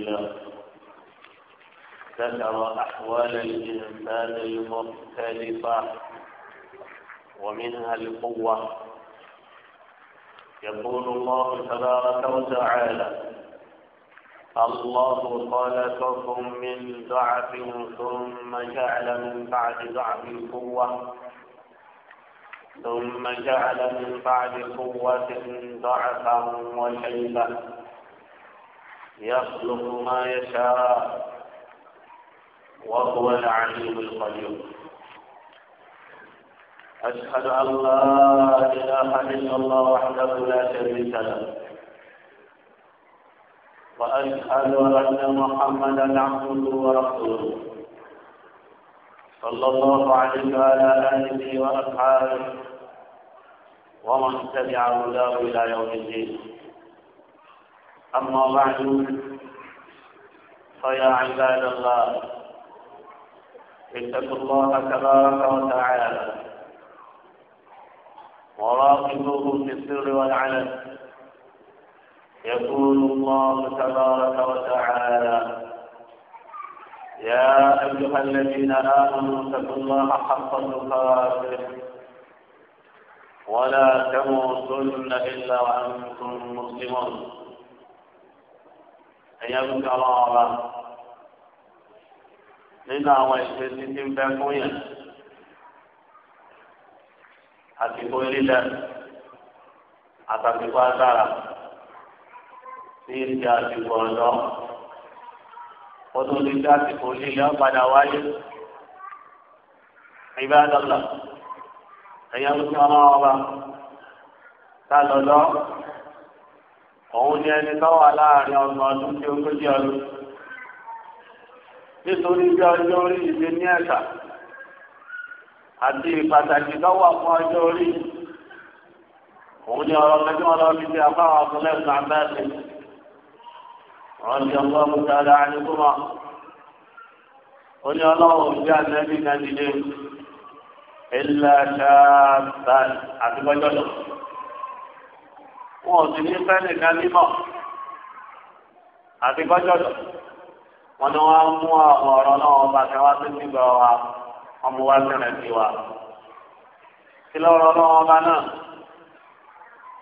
الله ذكر أحوال الإنسان المختلفة ومنها القوة يقول الله تبارك وتعالى الله خلقكم من ضعف ثم جعل من بعد ضعف قوة ثم جعل من بعد قوة ضعفا وشيبة يخلق ما يشاء وهو العليم القدير أشهد أن لا إله إلا الله وحده لا شريك له وأشهد أن محمدا عبده ورسوله صلى الله عليه وعلى آله وأصحابه ومن تبع له إلى يوم الدين أما بعد فيا عباد الله اتقوا الله تبارك وتعالى وراقبوه في السر والعلن يقول الله تبارك وتعالى يا أيها الذين آمنوا اتقوا الله حق تقاته ولا تموتن إلا وأنتم مسلمون ẹ̀yà lókè ọlọ́wọ́ ọba nínú àwọn ìṣe títí ń bẹ fún yẹn àsìkò lílẹ àtàkùkọ agbára sí ìdí àsìkò ọ̀dọ́ ó tún lè àsìkò lílẹ padà wáyé ìbá dọ́là ẹ̀yà lókè ọlọ́wọ́ ọba tá lọ́lọ́ òun ni ẹni tó wà láàrin ọgbọ̀n ọdún tí ogójì ọdún nítorí bí ọjọ́ orí ìgbé ní ẹ̀ka àti ìpàtàkì tó wà fún ọjọ́ orí òun ni ọ̀rọ̀ pẹ̀lú ọ̀rọ̀ fi ti àbáwọ̀ ọkùnrin ẹ̀ka abẹ́ẹ̀sì ọ̀rọ̀ ọgbọ́n mi dára àníkúmọ̀ ó ní ọlọ́run òjá nẹ́bí kan dìde ẹ̀ ń la ṣáà bá wọn ò sì ní fẹ́ẹ̀lì kan nímọ̀ àti gbọ́jọ́dọ̀ wọn ni wọn mú àwọn ọ̀rọ̀ náà wọn bá kẹwàá sí nígbà wa wọn mú wá sẹ̀rẹ̀ sí wa kí lọ́rọ̀ náà wọn bá náà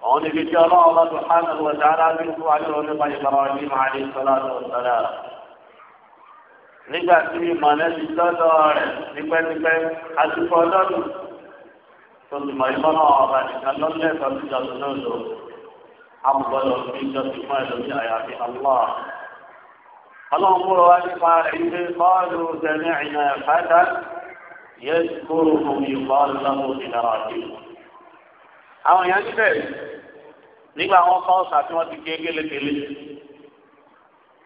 òun níbi tí ọlọ́run bá tún hánà lọ dára bí fún alẹ́rọ nípa ìgbàlọ́ ní màálí sọlá tó sọlá nígbà tí mọ̀lẹ́bí lọ́dọ̀ rẹ̀ nípẹ́nípẹ́ àtúkọ̀ lọ́dún tó ti mọ̀ ìmọ̀ náà ọba nìkan lọ́lẹ́sọ̀ọ́ amúgbọ́dọ̀ fi jọ́sìn fún ẹlòmí àyàfi allah. ọlọ́run múra wá nípa ilé kọ́ọ̀lù sẹ́mi ìnà ẹ̀fẹ́dá yẹ kóró omi kọ́ọ̀lù lọ́wọ́ ìdára àti. àwọn èèyàn níbẹ̀ nígbà wọn kọ́ ọ̀sà tí ti gé kélékélé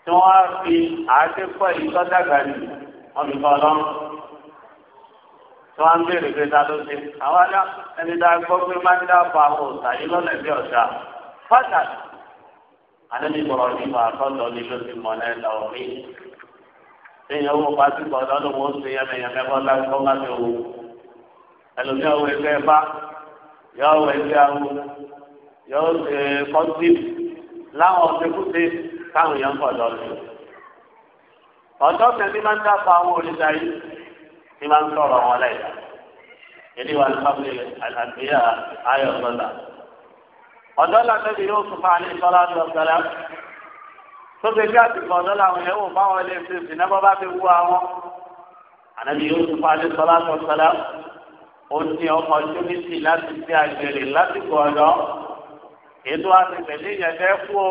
tí wọ́n fi àáké pọ̀ ìtọ́jàgbà ni wọ́n fi kọ́ tí wọ́n ń béèrè pé ta ló ṣe àwọn ẹni tá gbọ́ pé má ń dáàbò àwọn òòsà yìí lọ́lẹ̀ bí ọ̀sà fáṣà àdébí bọ̀rọ̀ nípa àtọ́jọ́ ní ló ti mọ̀ lẹ́la omi èèyàn wo pásítọ̀ lọ́dún wo ṣe yẹmẹyẹmẹ kọ́ lágbó má ti wò ẹlòmíà wo ẹgbẹ́ bá yọ wo ẹgbẹ́ awo yọ ṣe kọ́ńtì láwọn ọ̀sẹ̀kúṣe táwọn èèyàn pọ̀ lọ́dún ọ̀dọ́ tẹ̀lé máa ń dábàá àwọn òrìṣà yìí ní máa ń sọ̀rọ̀ wọn lẹ́yìn. Èdè wa ní fábílì ọ̀dọ́ làtẹ́bí yóò sùn fún àlejò aláàbí ọ̀gbẹ́lá tó ṣe bí àtìkọ́ ọ̀dọ́ làwọn yẹn wò báwọn ilé ṣe sì náà bá fi wú àwọn ànábì yóò sùn fún àlejò aláàbí ọ̀gbẹ́lá ó ní ọmọ jónísì láti ṣe àgbèrè lásìkò ọ̀dọ́ ètò àtìpẹ̀lẹ́ yẹn fẹ́ kú o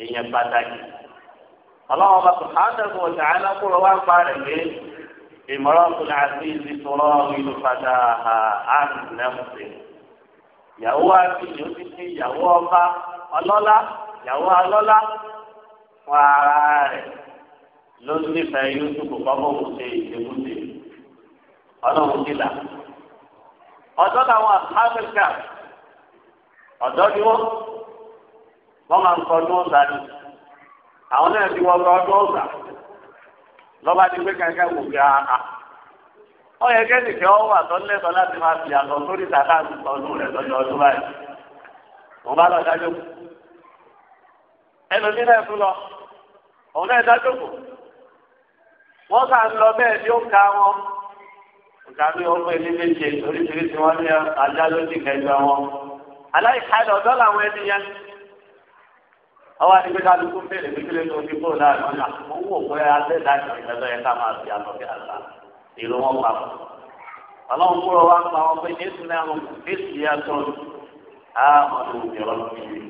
èèyàn pàtàkì ọlọ́wọ́n bá sùhánàbù ọ̀tà alákùrọ̀ ìyàwó abiyì ó ti di ìyàwó ọba ọlọ́lá ìyàwó alọ́lá fún ara rẹ̀ ló ń nífẹ̀ẹ́ yusuf kọ́mọ́kù ṣe ìṣègùnṣe ọlọ́run kìlà ọ̀dọ́ làwọn áfíríkà ọ̀dọ́ ni wọ́n wọ́n máa ń kọ́ ọdún ọ̀sà ni àwọn náà ti wọ́n kọ́ ọdún ọ̀sà lọ́ba ti gbé kankan kò gbé àhà. ọyẹ kẹ́sì kẹ́ ọ wà tó lẹ́tọ̀ láti máa fi àtọ̀ sórí tàkà ọdún rẹ̀ lọ́jọ́ ọdún báyìí mo bá lọ dájú kù ẹlòmí náà tún lọ òun náà dájú kù wọ́n kà ń lọ bẹ́ẹ̀ ni ó ka wọn nǹkan bí wọ́n fún ẹni méje oríṣiríṣi wọn ní ajá lójú kẹjọ wọn aláìkàlẹ̀ ọ̀dọ́ làwọn ẹni yẹn ọwọ́ adigun ká lóko ń bèrè pé kí ló ń èrò wọn pa mọ́ ọlọ́run kúrò wá pa wọn pé jésù náà mọ̀ jésù yá tó a ọdún ìjọba bìbí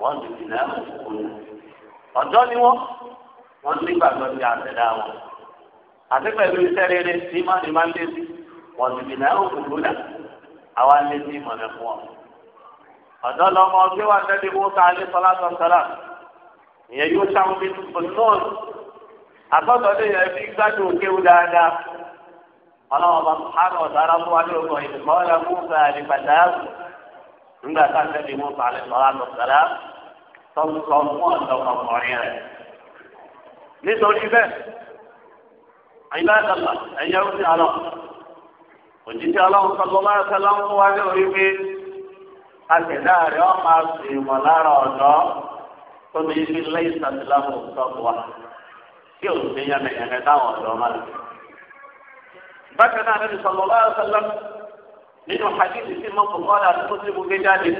wọn ti dì náà òkúrò ọ̀dọ́ ni wọ́n wọ́n ti gbàgbọ́ ti àtẹ̀dá wọn àti pẹ̀lú iṣẹ́ rere tí má ní má lé sí wọ́n ti dì náà òkúrò dà àwa lé sí ìmọ̀lẹ́ fún ọ. ọ̀dọ́ lọ́mọ ọgbẹ́ wa tẹ́lẹ̀ wọ́n ká alẹ́ sọlá sọ̀tọ̀lá ìyẹn yóò sáwọn bí tuntun náà àtọ́tọ̀ lè yẹ fi gbádùn kéwú dáadáa ọlọ́wọ́ bá sùhánù ọ̀dára fún wa ní ọgbọ̀n ìdìbò ọ̀yà kúfà àdìgbàdà nígbà tá a fẹ́ di mọ́tò alẹ́ sọ̀rọ̀ àlọ́ sọ̀rọ̀ tó ń sọ fún ọ̀dọ́ ọkùnrin rẹ̀. nítorí bẹ́ẹ̀ ayélujára ẹ̀yẹ ń fi àlọ́ òjijì ọlọ́run sọ lọ́wọ́ ẹ̀sẹ̀ lọ́wọ́ fún wa ní orí pé àtẹ̀dá rẹ̀ ọ́ máa sì lára ọ̀dọ́ tó ní ilé ìsàtìlámù sọ́kùwà ọ̀dọ́ bákan náà nàbì sallallahu alaihi wasallam nínú hadithi tí mo kọ́kọ́ dà tó ti mú gbéjáde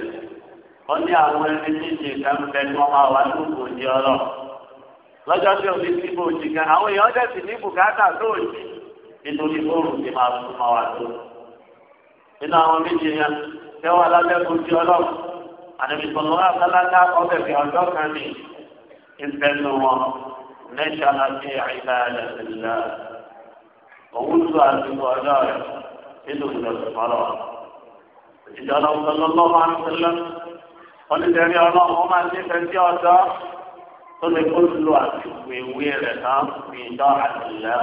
wọ́n ní àwọn ẹni méjì kan bẹ ní wọ́n máa wà lóko òjì ọlọ́ lọ́jọ́ tí o fi sí bó òjì kan àwọn èèyàn dẹ̀ sì ní bùkátà lóòjì nítorí bóòrùn ti máa tún máa wà tó nínú àwọn méjì yẹn tẹ́ wọ́n alábẹ́ òjì ọlọ́ àdàbí sọ̀rọ̀ àtàlágà ọbẹ̀ fi ọjọ́ kan ní ìfẹ́ nu wọn mẹ́ṣáláṣí òwúlò àdúgbò ọjọ́ rẹ̀ nínú ìlọsùn fọlọ́. òjijì ọlọ́run tó lọ́ máa ń tẹ́lẹ̀ onídẹ̀ẹ́rì ọlọ́run ó máa ń nífẹ̀ẹ́ sí ọ̀dọ́ tó lè kó lù àsìkò ìwé rẹ̀ náà fi ìjọ àtìlẹ́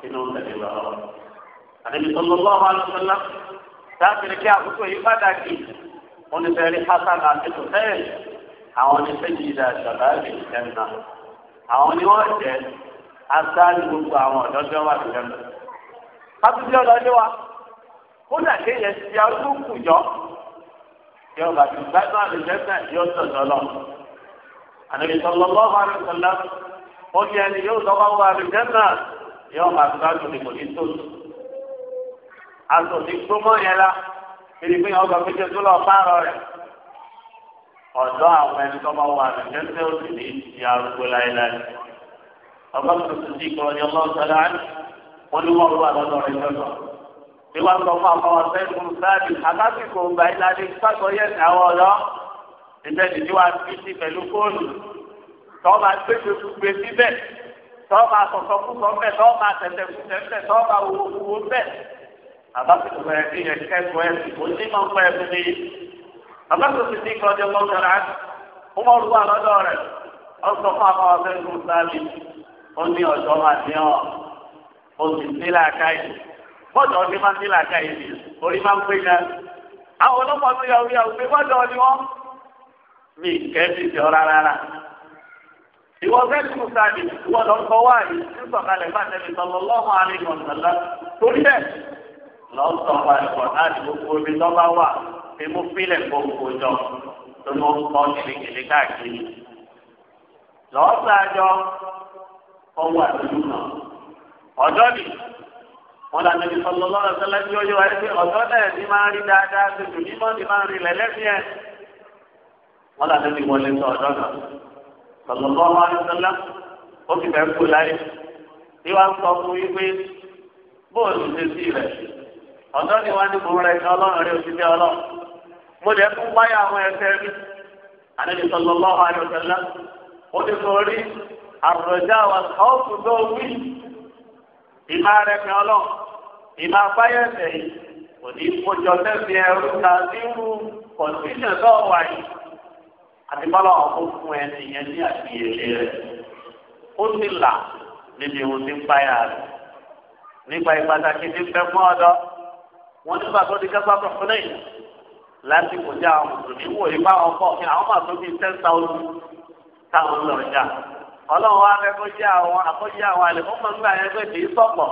nínú ìtẹ̀lẹ̀ lọ́wọ́. àdébí tó lọ́ máa ń tẹ́lẹ̀ dáàbìrì kí àkókò yìí pàtàkì onídẹ̀ẹ́rì hasan àti tòfẹ́ẹ̀ àwọn onífẹ́jì ìdá ìṣọ̀lá ìṣẹ̀ńnà àwọn ni wọ́n jẹ́ asáájú gbogbo àwọn ọ̀dọ́ tí wọ́n wà sílẹ̀ lọ. Kátúndé ọlọ́dé wa, ó nà kéèyàn ti ya ojú kù jọ. Yọ bàtí gbádùn àdìsẹ́sẹ̀ yóò sọ̀tọ̀ lọ. Àdìbí sọ̀lọ̀ lọ́wọ́ àdìsọ̀lá. Ó ní ẹni yóò sọ wáwọ́ àdìsẹ́sẹ̀ yọ bàtí gbádùn ní kò ní tó. Aṣọ ti gbómọ yẹn la, kiri pé ọgbà méjì tó lọ pààrọ̀ rẹ̀. Ọ̀dọ́ àwọn ẹni tó bá wà àdìsẹ́sẹ̀ ó sì ní ti arúgbó láéláé ọgbọ́n tó ti di kọ́ ni ọlọ́run sọ̀rọ̀ àná wọ́n ní wọ́n wà lọ́dọ̀ rẹ̀ lọ́dọ̀. bí wọ́n sọ fún àwọn ọ̀sẹ̀ fún sáàdì àbásìkò ọgbà ìlànà ìpàkọ́ yẹn àwọn ọ̀dọ́ ìtẹ̀sí tí wàá fi sí pẹ̀lú fóònù tọ́ máa gbèsè gbogbo síbẹ̀ tọ́ máa sọ̀tọ̀ fúnfọ́ bẹ́ẹ̀ tọ́ máa tẹ̀tẹ̀ fúnfẹ́ bẹ́ẹ̀ tọ́ máa wo owó bẹ́ẹ̀ àbásìkò bẹ̀rẹ̀ sí yẹn kẹ́kọ̀ọ́ ẹ̀sìn kò ní máa ń pẹ́ ẹ̀sìn nìyí àbásìkò sì ní kọ́jọ́ lọ́sọ̀rọ̀ àti ó mọ̀ ọ́ lù wà lọ́dọ̀ rẹ̀ ọ̀sọ̀ fún àwọn ọ̀sẹ̀ fún sáàdì ó ní ọjọ́ máa ní ọ ó sì nílà káyì bọ́dọ̀ ọdún máa nílà káyì ni orí máa ń pè náà àwọn ọlọ́pàá tó yà orí àwọn pé bọ́dọ̀ ọdún wọn mi kẹ́ ti jọ rárá ìwọ fẹ́ tún sáàbì ìwọ lọ sọ wá yìí sísọ̀kalẹ̀ bá tẹ̀lé sọ lọ́wọ́ àríyàn sọ̀lá torí ẹ̀ lọ́sọ̀ wà ẹ̀kọ́ láti gbogbo ibi tó bá wà pé mo fílẹ̀ gbogbo jọ tó ló ń kọ́ kìlìkìlì káàkiri lọ́sọ̀ àjọ ọwọ́ àtẹ̀jú náà. ọ̀dọ́ ni wọn là níbi sọlọ lọ́rọ̀ sẹlẹ̀ tí ó yọ ẹ pé ọ̀dọ́ náà ní máa rí dáadáa tuntun mímọ́ ní máa rí lẹ́lẹ́sìn ẹ̀. wọn là níbi wọlé sọ ọ̀dọ́ náà sọlọ lọ́rọ̀ sẹlẹ̀ ó fi bẹ́ẹ̀ kú láyé tí wọ́n sọ fún yí pé bóòlù ṣe sí rẹ̀ ọ̀dọ́ ni wọ́n ní mo rẹ̀ ní ọlọ́run rẹ̀ òsì mo dẹ̀ fún wáyà àwọn ẹsẹ̀ mi àlejò sọlọ lọ́wọ́ àyọ̀sẹ̀lá ó àròjà wà ọ́ọ̀fù tó wí ìmá rẹ̀ fi ọlọ́ ìmá báyẹ̀sẹ̀ yìí kò ní kójọ lẹ́sìn ẹrú ta nínú kọ̀ǹtíṣàn tó wà yìí àti bọ́lá ọ̀hún fún ẹ nìyẹn ní àfiyèlé rẹ̀ ó sì là níbi ohun tí ń báyà rẹ̀ nípa ìpàtàkì tí ń bẹ fún ọ̀dọ́ wọn nígbà tó di kẹfà tó fún lẹ́yìn lásìkò jẹ àwọn mùsùlùmí wò yí bá wọn pọ̀ kí àwọn màtó ten thousand táwọn lọ ọlọ́run wa fẹ́ kó àwọn àkójẹ́ àwọn àlèkún máa ń gbà pé kì í sọ̀pọ̀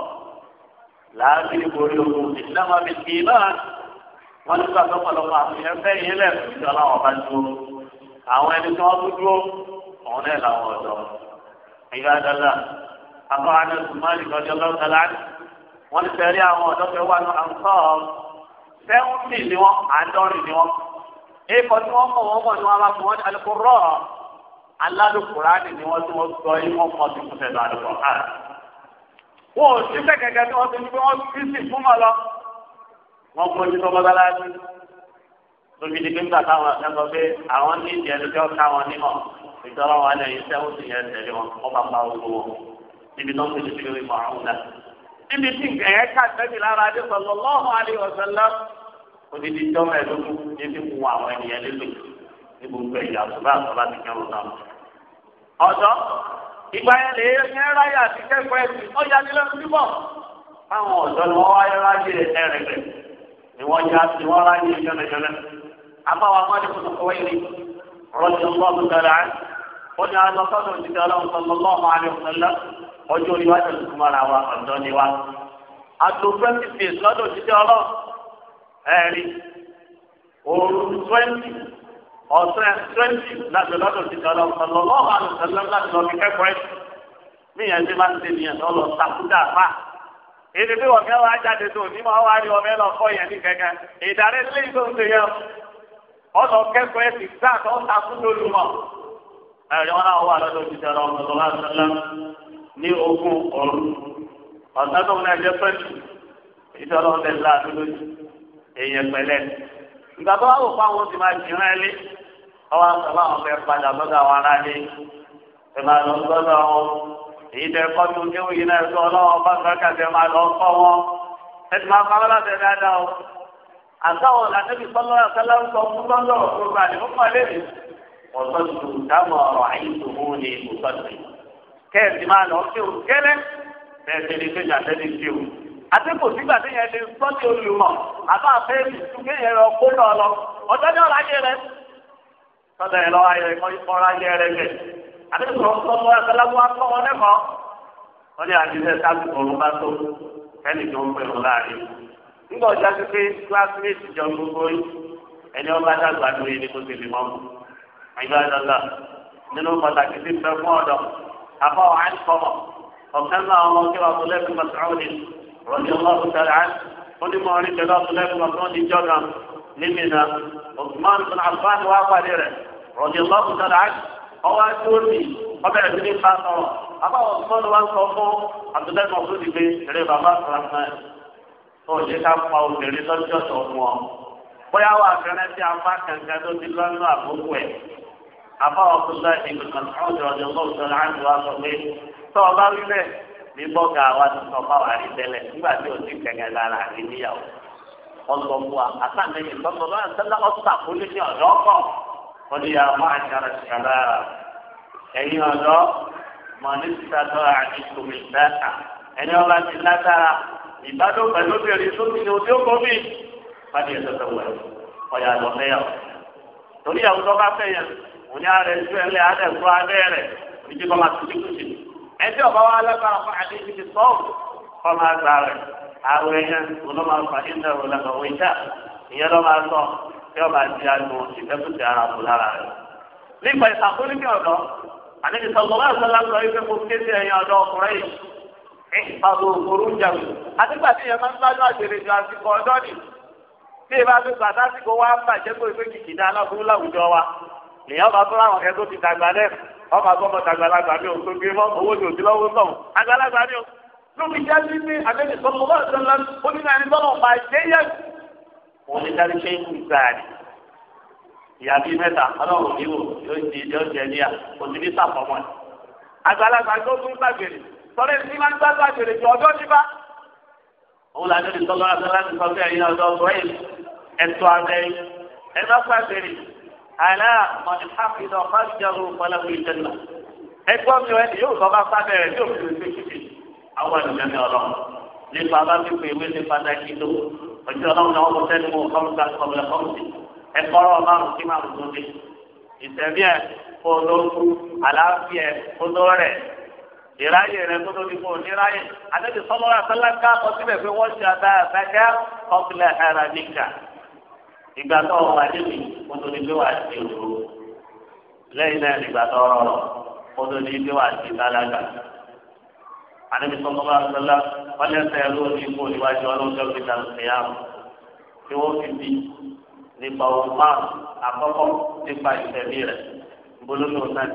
láàbí orí ogun ìdáná mi kì í náà wọ́n ti gbà lọ́pọ̀lọpọ̀ àfihàn fẹ́ yín lẹ́nu ìjọba àwọn bá dúró àwọn ẹni tí wọ́n tún dúró òun náà làwọn ọ̀dọ́ ìyá dọ́là akọ́ anásùmáàlì lọ́jọ́ lọ́sọ̀lá wọ́n ti fẹ́rí àwọn ọ̀dọ́ fẹ́ wà ní àǹkọ́ sẹ́wọ́n sì ni wọ́n àádọ́rin ni wọ́n èèkọ́ tí wọ́n mọ̀ wọ́n mọ̀ ni wọ́n máa fún wọn alukóró alálùkùránì ni wọ́n tí wọ́n sọ yín wọ́n kọ́ sí fúnfẹ́ lọ àdùkọ̀ ha. wọ́n ò sí kẹ̀kẹ́kẹ́ tí wọ́n ti ní pé wọ́n fi sí fún wọn lọ. wọ́n gbójú tó bọ́ bálá sí. lóbi ní gbígbà táwọn akẹ́kọ̀ọ́ pé àwọn ní ìdí ẹni tó ká wọn nímọ̀ ìjọba wọn lè yí sẹ́wọ́n sì yẹn tẹ̀lé wọn wọ́n bá pa owó wọn. níbi tó ń fi ti fi mọ àwọn náà. níbi ká tẹ́bi lára adé sọ̀lọ́ lọ́hùn alẹ́ ọ̀sán lọ. odidi jọ́mọ̀ ẹ̀dógún ní fi àwọn ènìyàn lélẹ̀ ní gbogbo ẹ̀yà ọ̀sán bá àtọ́ bá ti kẹ́rù náà. ọ̀dọ́ ìgbà ya lè yẹn ráyà àti kẹ́kọ̀ọ́ ẹ̀sìn ọ̀yà nílẹ̀ níbọ̀. Táwọn ọ̀dọ́ ni wọ́n wáyé ráyè ẹ̀rẹ̀gbẹ̀ ni wọ́n já sí wọ́n ráyè jẹ́nẹjẹ́nẹ. Àbáwá máa ní kọ́wé ni rọ́jò lọ́ọ̀bù dára ẹ̀. Ó ní ọlọ́run ọ̀sẹ̀ twenty láti lọ́dọ̀ ti dọ̀lọ́ ọ̀lọ́lọ́ àlùsọ̀lọ́ láti lọ́ọ́ fi kẹ́kọ̀ọ́ ẹ̀ mí yẹn máa ń ṣe nìyẹn lọ́lọ́ takúdà fà. èdè bí wọ́n fẹ́ wá jáde tó ní máa wá rí ọmọ ẹ lọ yẹn ní kẹ́kẹ́ ìdarí ilé ìgbò ń tẹ̀yẹ ọ̀lọ́ kẹ́kọ̀ọ́ ẹ̀ ti gbà tó ń takú lólùmọ̀. ẹ̀rí wọn náà wà lọ́dọ̀ ti dọ̀lọ́ ọwọ́ àtàwọn àwọn fẹ́ padà lọ́dọ̀ àwọn aráàlú ẹ máa lọ gbọ́dọ̀ wọn èyí tẹ kọ́ tó kéwù yìí náà sọ ọlọ́wọ́ bá kàkà tẹ máa lọ kọ́ wọn ẹ ti máa fọwọ́ láti ẹ̀dá dá o àtàwọn làtẹ́bí sọ́lọ́ àtàlà ń sọ fún lọ́dọ̀ òkúta ní fún pàlẹ́ mi wọ́n sọ tù dámọ̀ ọ̀rọ̀ àyè tó mú ni kò sọ tù kẹ́ẹ̀sì máa lọ kéwù kẹ́lẹ́ bẹ́ẹ̀ tẹ́lẹ̀ fẹ́jà tẹ́lẹ̀ kéwù àti sígbà tí yẹn lè gbọ́ sọ́dọ̀ ẹ̀ lọ́wọ́ ayọ̀ ìmọ̀ ìkọ́ra yẹ rẹ̀ lẹ̀ àdéhùn sọ́kọ́ ẹ̀sẹ̀láwó akọ́ wọn lẹ́kọ̀ọ́ wọ́n ní àdéhùn sáàbù òun bá tó ẹnì tó ń pè wọn láàrin nígbà ọjà ti pé kílásímẹ́tì jọ gbogbo yìí ẹni ọba dàgbà lóye ní kó tèmi mọ́ àyíká dọ́là nínú pàtàkì tí ń bẹ fún ọ̀dọ́ àbọ̀ àìsọ̀mọ̀ ọ̀kan náà ọmọ kí wàá fún lẹ́kùn mọ̀sáwọ́dì rọ́bì ọlọ́run tẹ̀lé àìsí ó ní mọ̀ orí tẹ̀lé ọ̀fun lẹ́kùn mọ̀sáwọ́dì jọ̀gàn nímìnà ògbọ́n àbáni wàá pàdé rẹ̀ rọ̀jẹ̀ lọ́kùn tó dáa ọwọ́ àjọyọ̀bì ọbẹ̀ ẹ̀mí ní ká sọ̀rọ̀ abáwọ̀ sọ́ọ́nù wa ń sọ fún àtúntẹ̀ kan fún ìgbé eré bàbá àtàràmọ́ ẹ̀ tó ṣe ká pa obìnrin lọ́jọ́ tó mú ọ. bóyá wà fẹ́rẹ́ sí apá kankan tó ti lọ́nà àkókò ẹ̀ abáwọ̀ tó sọ ìgbè kan ọ̀dọ̀ ọ̀dọ̀ lọ́wọ́ sọ̀rọ̀ àti wa sọ pé tó ọba wí bẹ́ẹ̀ ní bọ́gà wa ti sọ fún àrídẹ́lẹ̀ nígbà tí òsì kẹ̀kẹ́ lára àti níyàwó ọlọ́mùwa àtàlẹ́yìn lọ́sọ̀rọ̀ kọ́lé yà má àṣàrà ṣàlá ẹ̀yin ọ̀dọ́ mọ̀nísítàtọ̀ àdìsùnmí dáta ẹni ọba ti látara ìbádọ́ pẹ̀lú obìnrin tó ti ní ojú ọkọ mi fàdí ẹ̀ tọ́tọ̀ wẹ̀ ọ̀yà lọ fẹ́yà torí àwọn tó bá fẹ́yà òní ààrẹ ju ẹlẹ́ ààrẹ fún abẹ́ rẹ̀ oníjì kọ́ máa tuntun kùsì ẹjẹ́ ọba wa lágbára fún àdéhùn ti sọ́ọ̀ kọ́ máa gbà rẹ̀ tí ọba ti anu ìfẹ́kùtì ara kù lára rẹ̀. nípa ìsàkóríkì ọ̀dọ́ àníbi sọ̀gbọ́n bá sọ́lá sọ ife kó ké sí ẹ̀yìn ọ̀dọ́ ọkùnrin yìí ìpàgò òkúrú ń jẹun. àtìgbà tí yẹn máa ń gbádùn àgbèrè ju àsìkò ọ̀dọ́ nì. bí ìbá fi pàtó àsìkò wa ń bàjẹ́ pé ìfẹ́ kìkì dá aláburú láwùjọ wa. ìyá ọba tó láwọn kẹ́ tó ti dàgbà lẹ́ ọba tó ọmọ dàgbàlagbà mi ò tó gbé mọ́ owó ni òsì lọ́wọ́ náà àgbàlagbà mi ò. lóbi jáde ní àbẹ́ni sọ́kọ̀ bá sọ́lá ó ní òun ní dárí ṣe ń kú sáàrì ìyá bíi mẹ́ta ọlọ́run ní wò yóò di yóò jẹ níyà òsì ní sàfọmọ ẹ àgbàlagbà tó tún gbàgbèrè sọ̀rọ̀ ẹni tí máa ń gbàgbà gbèrè ju ọjọ́ nípa òun làdé ní sọlọ àti láti sọ fún ẹ̀yin ọjọ́ ọgbọ̀n ẹtọ abẹ ẹnà gbàgbèrè àlà mọni hàfidọ fàbíjọrò pọlọpọ ìjẹnà ẹgbọn mi wẹ yóò sọ bá sábẹ rẹ yóò fi lè fi kíkì fi ojú ọlọ́run náà wọ́n kọ́ sẹ́ni mú kọ́mùtà kọ́mùtà kọ́mùtì ẹ kọ́rọ̀ ọlọ́run kí máa tó dé ìtẹ̀bí ẹ̀ kó ló kú àlàáfíà ẹ̀ kó ló rẹ̀ ìráyè rẹ̀ kó ló ní kó níráyè àtẹ̀tẹ̀ sọ́lọ́ àtàlákà kọ́ síbẹ̀ pé wọ́n ṣe àdá àtàkà kọ́pìlẹ̀ ẹ̀rọ níkà ìgbà tó wà níbi kó tó ní wà á òru lẹ́yìn náà ìgbà tó rọrọ̀ kó àdébí sọ́kọ́lá àtàlá wọ́n lè fẹ́ lórí ipò níwájú ọlọ́jọ́ gbígbà ìyáàmù tí wọ́n fi bí nípa ohun márùn àkọ́kọ́ nípa ìtẹ̀lé rẹ̀ bolóńdó náà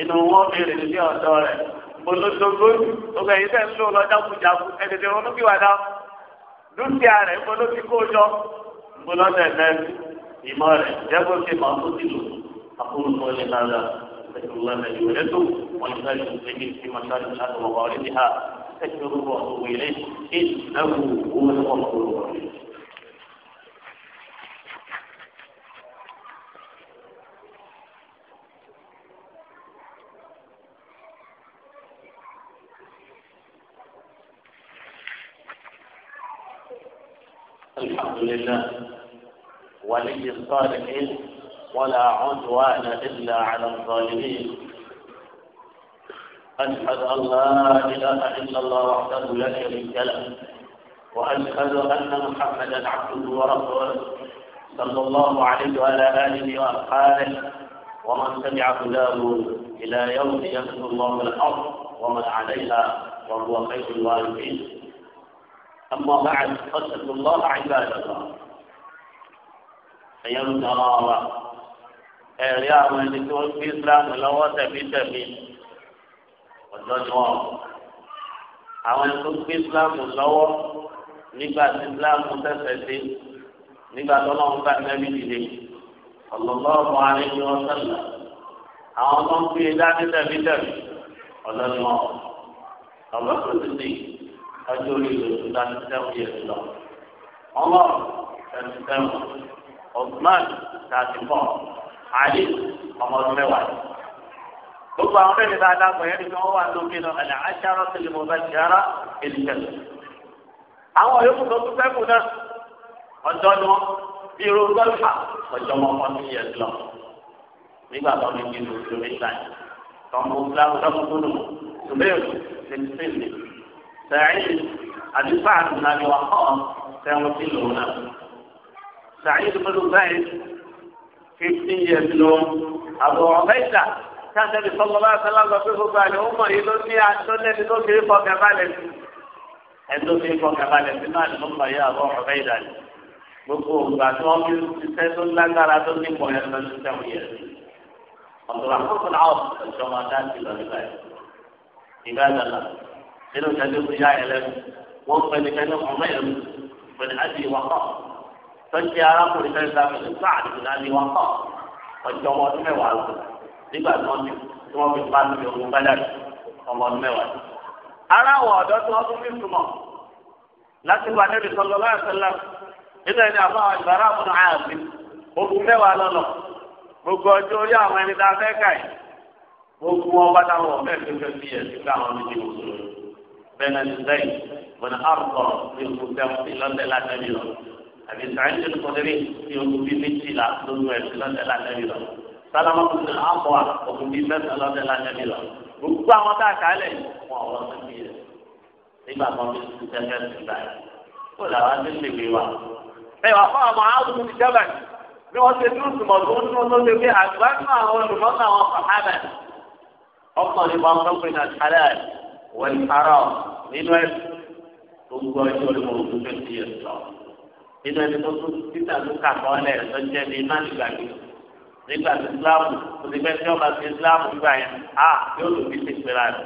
inú wọn béèrè ní ọ̀dọ́ rẹ̀ bolóńdó gbòòdù tó kẹ́ yìí tẹ̀lé lọ́wọ́ jákujáku ẹ̀dẹ̀dẹ̀ ronú kí wà dá dúkìá rẹ̀ bolóńdó kó jọ bolóńdó ẹ̀ ìmọ̀ rẹ̀ jẹ́ kó ṣe mọ̀ tó ti lò àkóso ọ̀lẹ́ náà فإن الله الذي ولده ولذلك المسلمين في مشارق الارض ومغاربها استغفروه واتوبوا اليه انه هو الغفور الرحيم الحمد لله ولي الصالحين ولا عدوان إلا على الظالمين أشهد أن لا إله إلا الله وحده لا شريك له وأشهد أن محمدا عبده ورسوله صلى الله عليه وعلى آله وأصحابه ومن سمع هداه إلى يوم يمسك الله الأرض ومن عليها وهو خير الوارثين أما بعد فاتقوا الله عباد الله فيمتر الله ẹ̀rí àwọn ẹni tí wọ́n gbé Islam lọ́wọ́ tẹ̀mítẹ̀mí ọ̀dọ́ ni wọ́n. àwọn ẹni tó gbé Islam lọ́wọ́ nígbà tí Islam tẹ̀sẹ̀ dé nígbà tó lọ́wọ́ bá nẹ́bí dìde ọ̀lọ́lọ́ọ̀mọ́ àríwí wọn sẹ́lẹ̀ àwọn tó ń gbé dání tẹ̀mítẹ̀mí ọ̀dọ́ ni wọ́n. ọ̀gbọ́n tó ti di ọjọ́ orí ìlú dání tẹ̀mí yẹn lọ àlè ọmọ ọdún mẹ́wàá ni. gbogbo àwọn fẹ́ẹ́ nípa adágún ẹni tí wọ́n wà lókè náà àlẹ́ aṣáárọ̀ tó lè mọ bá ti ara èlùtẹ̀lẹ̀. àwọn yòókù tó tún fẹ́ẹ́ kù náà ọjọ́ ni wọ́n bí irú gọ́lùfà ọjọ́ wọn kọ́ sí yẹn lọ. nígbà tó ní kíló kìlómítà yìí tọ́mú fúláwù tọ́mú fúnù sùmẹ́ẹ̀lù sẹ́ńtẹ́ẹ̀lì sẹ́yìn àdìfáà nàbí wà kọ́ sẹ́wọ́n kíló náà. sàyìn tó fifteen years long abu lọ àbọ̀ ọ̀mẹ́ta káńtẹ́bí sọlọ́lá sálábà pé gbogbo àlẹ́ ọmọ yìí ló ní àtọ́lẹ́ni tó fi fọkàn balẹ̀ sí ẹni tó fi fọkàn balẹ̀ sí náà ló mọ̀ yá àbọ̀ ọ̀mẹ́ta ni gbogbo ògbà tí wọ́n fi ṣiṣẹ́ tó lágbára tó ní pọ̀ yẹn lọ́dún sẹ́wọ̀n yẹn ọ̀dọ̀ àkókòlá ọ̀sán ìjọba dáàbì lọ nígbà yẹn ìgbà dàlà nínú ìdájọ́ tó yá ẹlẹ́nu wọ́n pẹ̀lú ẹni ọ̀mẹ́yẹ̀mú pẹ̀lú àdìyẹ wàkọ́ tọ́jú arákùnrin fẹ́ẹ́ sábẹ́ ní sáàdì ìlànà ní wọn kọ́ ọjọ́ ọmọ ọdún mẹ́wàá lọ nígbà tí wọ́n ti tí wọ́n fi bá mi ogun bẹ́lẹ̀ ọmọ ọdún mẹ́wàá. ara wọ ọ̀dọ́ tí wọ́n tún fi sùmọ̀ láti wà níbi sọlọ láìsílẹ̀ nígbà yẹn ni àbá ìbára àbùnà àyàfi ogun mẹ́wàá lọ́lọ́ gbogbo ọjọ́ orí àwọn ẹni tá a kà yìí gbogbo wọn bá dáwọ́ àbí sàrẹ́ńtì kọ́dẹ́rì tí o tún bí méjìlá lórí ẹ̀sìn lọ́sẹ̀ lánàbí lọ. sálámà tó ti àpọ̀ òkú bí mẹ́sàn lọ́sẹ̀ lánàbí lọ. gbogbo àwọn tá a kà á lẹ̀ wọn ọ̀rọ̀ tó ti yẹ. nígbà kan bí ti tẹ́lẹ̀ ti gbà yẹ. kó làwọn ti lè gbé wa. ẹ wà fún àwọn àádùn ti jábà bí wọ́n ti dúró sùmọ̀ tó ń dúró lóde pé àgbà náà àwọn olùmọ̀ náà wọn fà ọkàn ní wọn fẹ́ pín àtàlẹ́ wọ́n parọ́ nínú ẹ̀ gbogbo ẹjọ́ ni mo rò pé kí ẹ sọ nínú ẹni tó tún títà tó kà kọ́ lẹ̀ tó jẹ́ ní má nígbà tó nígbà tó islámù tó ti fẹ́ tí ọba ti islámù gbà yẹn a yóò lò bí ti pèrà rẹ̀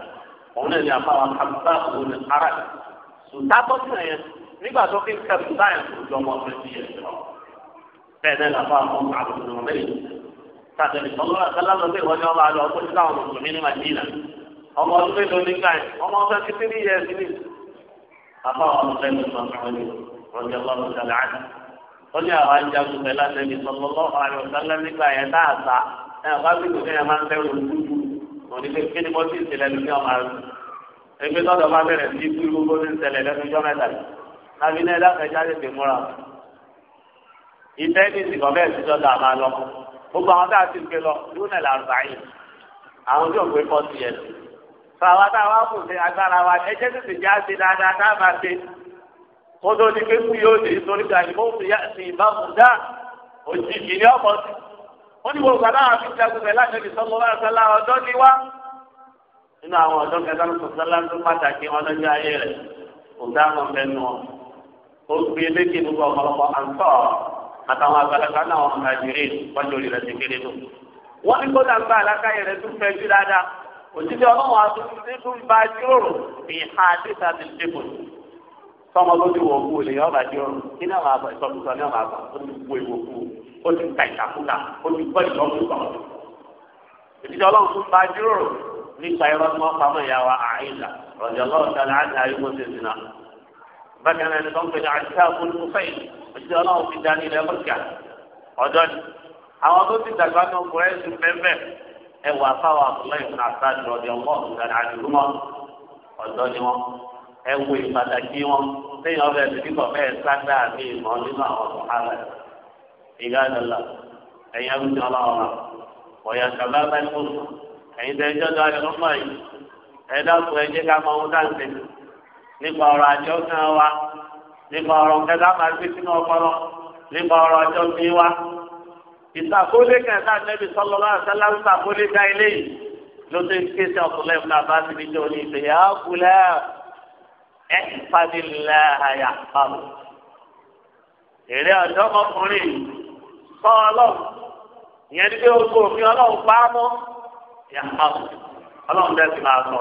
òun náà ní apá wa kàbùbá òun ní ara rẹ̀ sùtá tó tún yẹn nígbà tó fi kàbùbá yẹn kò jọmọ ọ̀fẹ́ ti yẹn lọ bẹ́ẹ̀ náà làbá àwọn àbùdù mẹ́rin tàbí ọlọ́run àtàlámọ́ pé wọ́n ní ọba àlọ́ ọkọ̀ sílá ọmọ mùsùlùmí ní Madina ọmọ ọdún mélòó nígbà yẹn ọmọ ọfẹ́ fifty years ni àbá àwọn ọmọ fẹ́ mi sọ rọjò lọ́rùn sọlá àti ó ní àwọn ajagun pẹ̀lú àtẹ̀lẹ́ sọlọ́lọ́ àrùn sọlá nígbà yẹn tá a sa ẹ wá bí kò kẹ́yà máa ń bẹ̀rù lùdú òní pé kí ni mo ti ṣẹlẹ̀ lómi ọmọ rẹ ẹgbẹ́ tọ́jọ́ bá bẹ̀rẹ̀ sí kú irú bó ti ṣẹlẹ̀ lẹ́nu jọ́ mẹ́ta lábí náà ẹlẹ́fẹ̀ẹ́já tètè múra ìtẹ́ ní ìsìnkọ́ bẹ́ẹ̀ sí jọ́dọ̀ àmà lọ gbogbo àwọn tá a ti gbé lọ lónà làrúbáyé àwọn tí ò gbé fọ́ọ̀tì yẹn fún àwọn tá a wá kù sí agbára wa ẹjẹ́ tètè já sí dáadáa tá a máa ṣe kótó ní pé kú yóò dé nítorí ká ìmọ̀ òfin yá sí ìbámu dá òjijì ní ọmọ sí. wọ́n ní gbogbo àdáhà fi jagun bẹ̀ láti ẹni sọ́mọ bá ṣẹlá ọjọ́ ní wá. nínú àwọn ọ̀dọ́ kẹta ló sọ̀tún sálá tó pàtàkì wọn lọ́jọ́ ayé rẹ̀ kò dá wọn mẹ́nu wọn. ó gbé lékè gbogbo ọ̀pọ̀lọpọ̀ àǹtọ̀ àtàwọn àgbàlagbà náà wọn nàìjíríà wọ́n lórí rẹ̀ ti kéré lò. wọ́n ní kódà gba àlákàyè rẹ̀ tún fẹ́ ju dáadáa òjijì ọlọ́wọ́n àtúntò tún bá jíròrò fi hàn sọmọ ló ti wọ kú lè yọ ọba di ọrùn kí náà máa bọ ìsọkúsọ náà máa bọ ó ti wo ìwò kú ó ti ka ìṣàkúta ó ti gbọ́ ìṣọkúsọ. ìdíje ọlọ́run tún bá jíròrò nípa ẹ̀rọ tí wọ́n pamọ́ ìyá wa àìlà ọ̀jọ̀ lọ́wọ́ sọlá àti àyíkó ṣe sí náà. bákan náà ni wọ́n pè ní àṣìṣe olùkú fẹ́yìn ìdíje ọlọ́run ti dání ilẹ̀ mọ́tíkà ọ̀dọ́ ni. àwọn tó ti dàgbà ní ẹ wo ìpàtàkì wọn lẹ́yìn ọbẹ ìdíkọ bẹ́ẹ̀ sáńdà àbí ìmọ̀ nínú àwọn ọmọlẹ ìgbàdàlà ẹ̀yin arúgbó Ọlọ́run náà ọyà sábà bá ń kóso ẹ̀yin tẹ ẹjọ́ dáa ẹ̀rọ mọ yìí ẹ dákun ẹ jẹ́ ká mọ ohun dáǹtẹ nípa ọ̀rọ̀ àjọ kan wa nípa ọ̀rọ̀ kẹta máa gbé sínú ọpọlọ nípa ọ̀rọ̀ àjọ kan wa ìsàkólé kẹta nẹbi sọlọ lọ àṣálá ń dá ilé yìí ló ti ń ké di jọ ní ẹ̀fàdìlẹ̀ àyà pàmò. Èrè ọ̀dọ́mọkùnrin sọ ọlọ́run ìyẹn ní pé oṣù òfin ọlọ́run pa á yà pàmò. Ọlọ́run bẹ́ẹ̀ sì máa sọ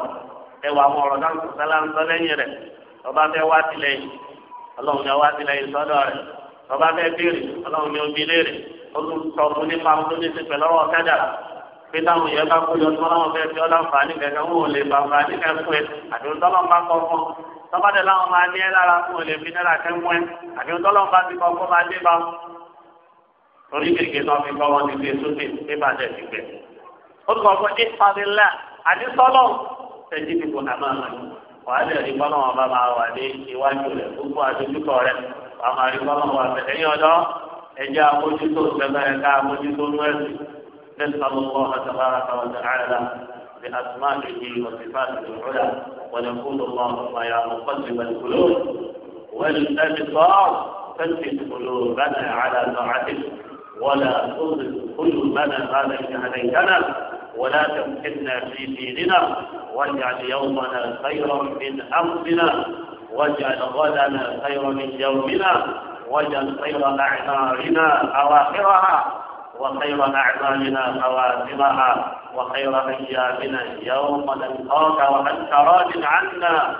ẹwà àwọn ọ̀rọ̀ ọba fẹ́ wá sílẹ̀ yìí ọlọ́run wá ọba fẹ́ ọlọ́run léèrè tún sọ fún nípa tó ní ti pé táwọn bá kó yọ tí fi tọ́pádẹ́ láwọn máa ní ẹ lára fún olè fi náírà kẹ́ wọ́n àbí ọlọ́run bá ti kọ́ kó máa dé bá torí kéèké náà fi kọ́ wọn ti gbé sókè bí bá dẹ̀ ti gbẹ. ó kọ́ fún ìfàdílà àti sọ́lọ́ ẹjí ti kò nà máa rẹ̀ wàá lè rí bọ́lá wọn bá máa wà ní iwájú rẹ̀ gbogbo àdójúkọ rẹ̀ wàá máa rí bọ́lá wọn bẹ̀ ẹ̀yìn ọ̀dọ́ ẹjẹ́ àmójútó ìgbẹ́gbẹ́rẹ́ ká àmójútó nú ẹ̀sìn بأسمائه وصفاته العلى ونقول اللهم يا مقلب القلوب والأبصار ثبت قلوبنا على طاعتك ولا تظلم قلوبنا ما ليس علينا ولا تمكننا في ديننا واجعل يومنا خيرا من أمرنا واجعل غدنا خيرا من يومنا واجعل خير أعمارنا أواخرها وخير أعمالنا خواتمها وخير أيامنا يوم نلقاك وأنت راج عنا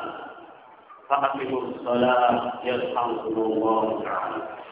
فأقم الصلاة يرحمكم الله تعالى